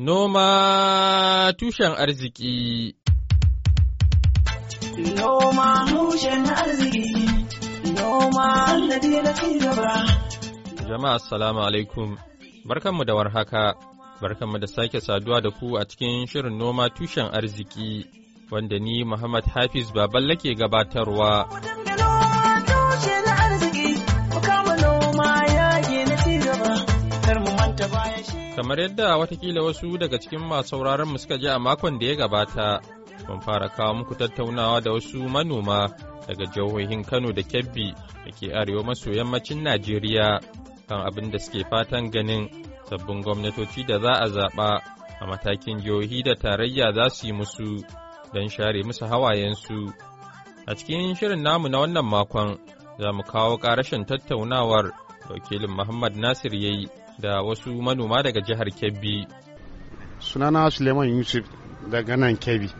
Noma tushen arziki Noma tushen arziki Noma da Jama'a assalamu alaikum barkanmu da warhaka barkanmu da sake saduwa da ku a cikin shirin noma tushen arziki wanda ni Muhammad Hafiz Baballe ke gabatarwa. Kamar yadda watakila wasu daga cikin masu sauraron mu suka ji a makon da ya gabata, mun fara kawo muku tattaunawa da wasu manoma daga jihohin Kano da Kebbi da ke arewa maso yammacin Najeriya kan abin da suke fatan ganin sabbin gwamnatoci da za a zaɓa a matakin jihohi da tarayya za su yi musu don share musu hawayensu. A cikin shirin namu na wannan makon za mu kawo ƙarashin tattaunawar wakilin Muhammad Nasir ya yi da wasu manoma daga jihar Kebbi. Sunana Suleiman Yusuf daga nan Kebbi.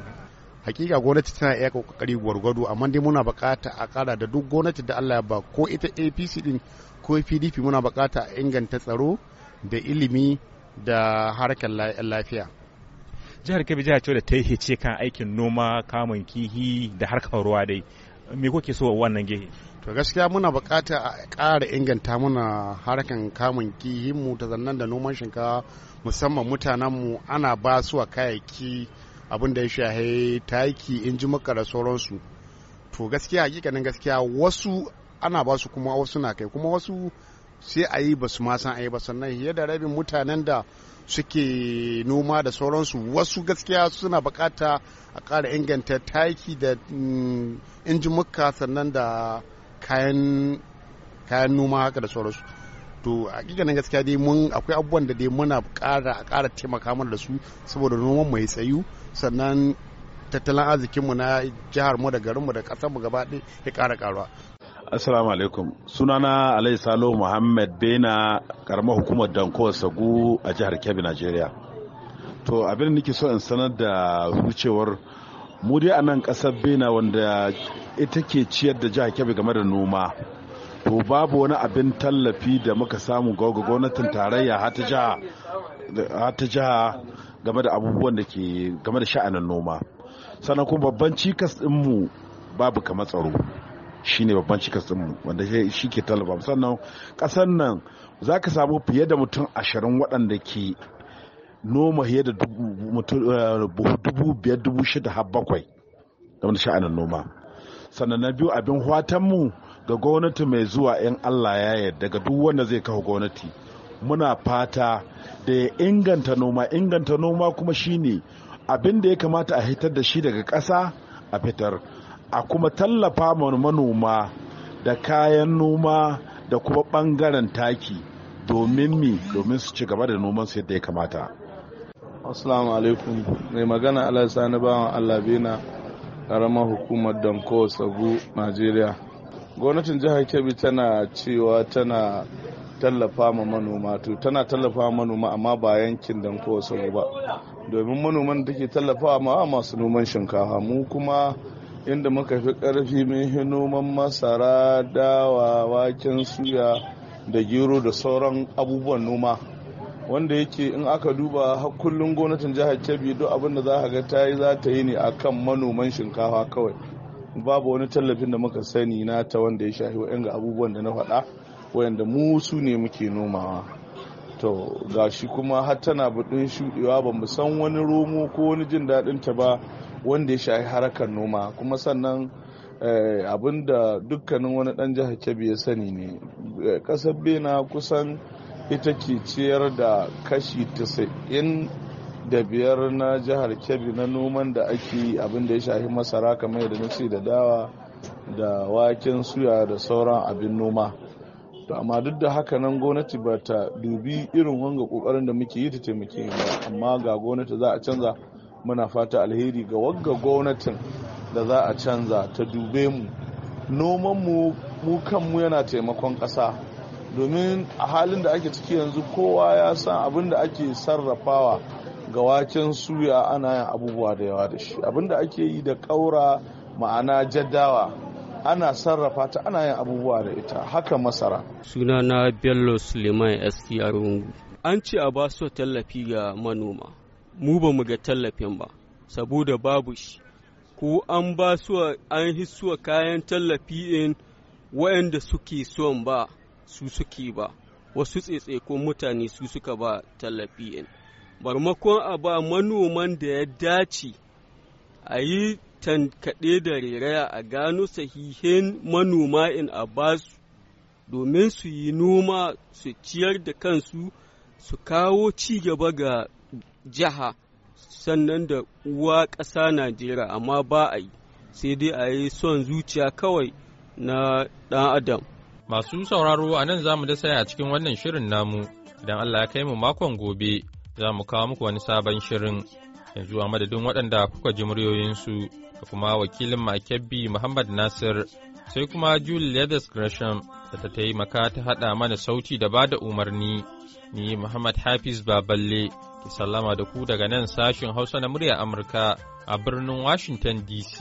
Hakika gwamnati tana iya kokari gwargwado amma dai muna bukata a kara da duk gwamnati da Allah ya ba ko ita APC din ko PDP muna bukata a inganta tsaro da ilimi da harkar lafiya. Jihar Kebbi jihar ce da ta yi kan aikin noma, kamun kihi da harkar ruwa dai. Me kuke so wannan gehe? to gaskiya muna bukata a ƙara inganta muna harkan kamun kihinmu ta zannan da noman shinkawa musamman mutanenmu ana ba su a kayayyaki abin da ya shahe taki ji maka da sauransu to gaskiya hakikanin gaskiya wasu ana ba su kuma wasu na kai kuma wasu sai a yi ba su ma san a yi ba sannan fiye da rabin mutanen da suke noma da sauransu wasu gaskiya suna bukata a ƙara inganta taki da mm, injimuka sannan da kayan kayan noma haka da sauransu to a nan gaskiya dai mun akwai abubuwan da dai muna ƙara kara taimaka mana da su saboda noman mai tsayu sannan tattalin arzikinmu na jihar mu da garinmu da mu gaba ɗaya ya kara. ƙaruwa Assalamu alaikum. Sunana Alai Salo Muhammad Bena karamar hukumar Danko Sagu a jihar Kebbi, Najeriya. To abin da nake so in sanar da wucewar mu dai a nan kasar bena wanda ita ke ciyar da jihar kebbi game da noma to babu wani abin tallafi da muka samu ga gwamnatin tarayya hata jiha game da abubuwan da ke game da sha'anin noma sannan kuma babban cikas mu babu kama tsaro ne babban cikas mu wanda shi ke tallafa sannan ƙasar nan za ka samu fiye da mutum ashirin waɗanda ke noma fiye da eh, dubu biyar dubu shida har bakwai da sha'anin noma sannan na biyu abin mu ga gwamnati mai zuwa in allah ya yarda daga duk wanda zai kawo gwamnati muna fata da ya inganta noma inganta noma kuma shine abin da ya kamata a hitar da shi daga ƙasa a fitar a kuma tallafa manoma da kayan noma da kuma ɓangaren taki domin mi domin su ci gaba da noman su yadda ya kamata assalamu alaikum mai magana ala sani bawan allah bena karamar hukumar danko sabu najeriya gwamnatin jihar kebbi tana cewa tana tallafa ma manoma to tana tallafa ma manoma amma ba yankin danko sabu ba domin manoman da take tallafa ma masu noman shinkafa mu kuma inda muka fi karfi mun noman masara dawa waken suya da gero da sauran abubuwan noma wanda yake in aka duba har kullum gwamnatin jihar Kebbi duk abin da za ka ga ta yi za ta yi ne kan manoman shinkafa kawai babu wani tallafin da muka sani na ta wanda ya shafi wa'yan ga abubuwan da na faɗa wayanda mu su ne muke nomawa to ga shi kuma har tana buɗin shuɗewa ba mu san wani romo ko wani jin daɗin ta ba wanda ya shafi harkar noma kuma sannan eh, abin da dukkanin wani ɗan jihar kebbi ya sani ne eh, ƙasar bena kusan ita ke ciyar da kashi 95 na jihar kebbi na noman da ake yi abin da ya shafi masara kamar da nace da dawa da waken suya da sauran abin noma to amma duk da haka nan gwamnati ba ta dubi irin wanga kokarin da muke yi ta taimake ba amma ga gwamnati za a canza muna fata alheri ga wagga gwamnatin da za a canza ta dube mu noman mu mu kanmu yana taimakon ƙasa domin a halin da ake ciki yanzu kowa ya san abin da ake sarrafawa ga waken suya ana yin abubuwa da yawa da shi abin da ake yi da ƙaura ma'ana jaddawa ana sarrafa ta ana yin abubuwa da ita haka masara Suna na bello suleiman str an ce a ba su tallafi ga manoma mu ba mu ga tallafin ba saboda babu shi ko an ba su an hisuwa kayan tallafi in waɗanda suke son ba su suke ba wasu tsetse ko mutane su suka ba tallafi barmakon a ba manoman da ya dace a yi tankaɗe da reraya a gano sahihin manoma in a basu domin su yi noma su ciyar da kansu su kawo ci gaba ga jiha sannan da uwa ƙasa najeriya amma ba a yi sai dai a yi son zuciya kawai na ɗan adam Masu sauraro a nan za mu da saya a cikin wannan shirin namu, idan Allah ya kai mu makon gobe za mu kawo muku wani sabon shirin. Yanzu a madadin waɗanda kuka ji muryoyinsu da kuma wakilin Makebbi Muhammad Nasir, sai kuma Julius Gresham da ta taimaka ta haɗa mana sauti da bada umarni. Ni Muhammad Hafiz Baballe, ki sallama da ku daga nan sashin Hausa na murya Amurka a birnin Washington DC.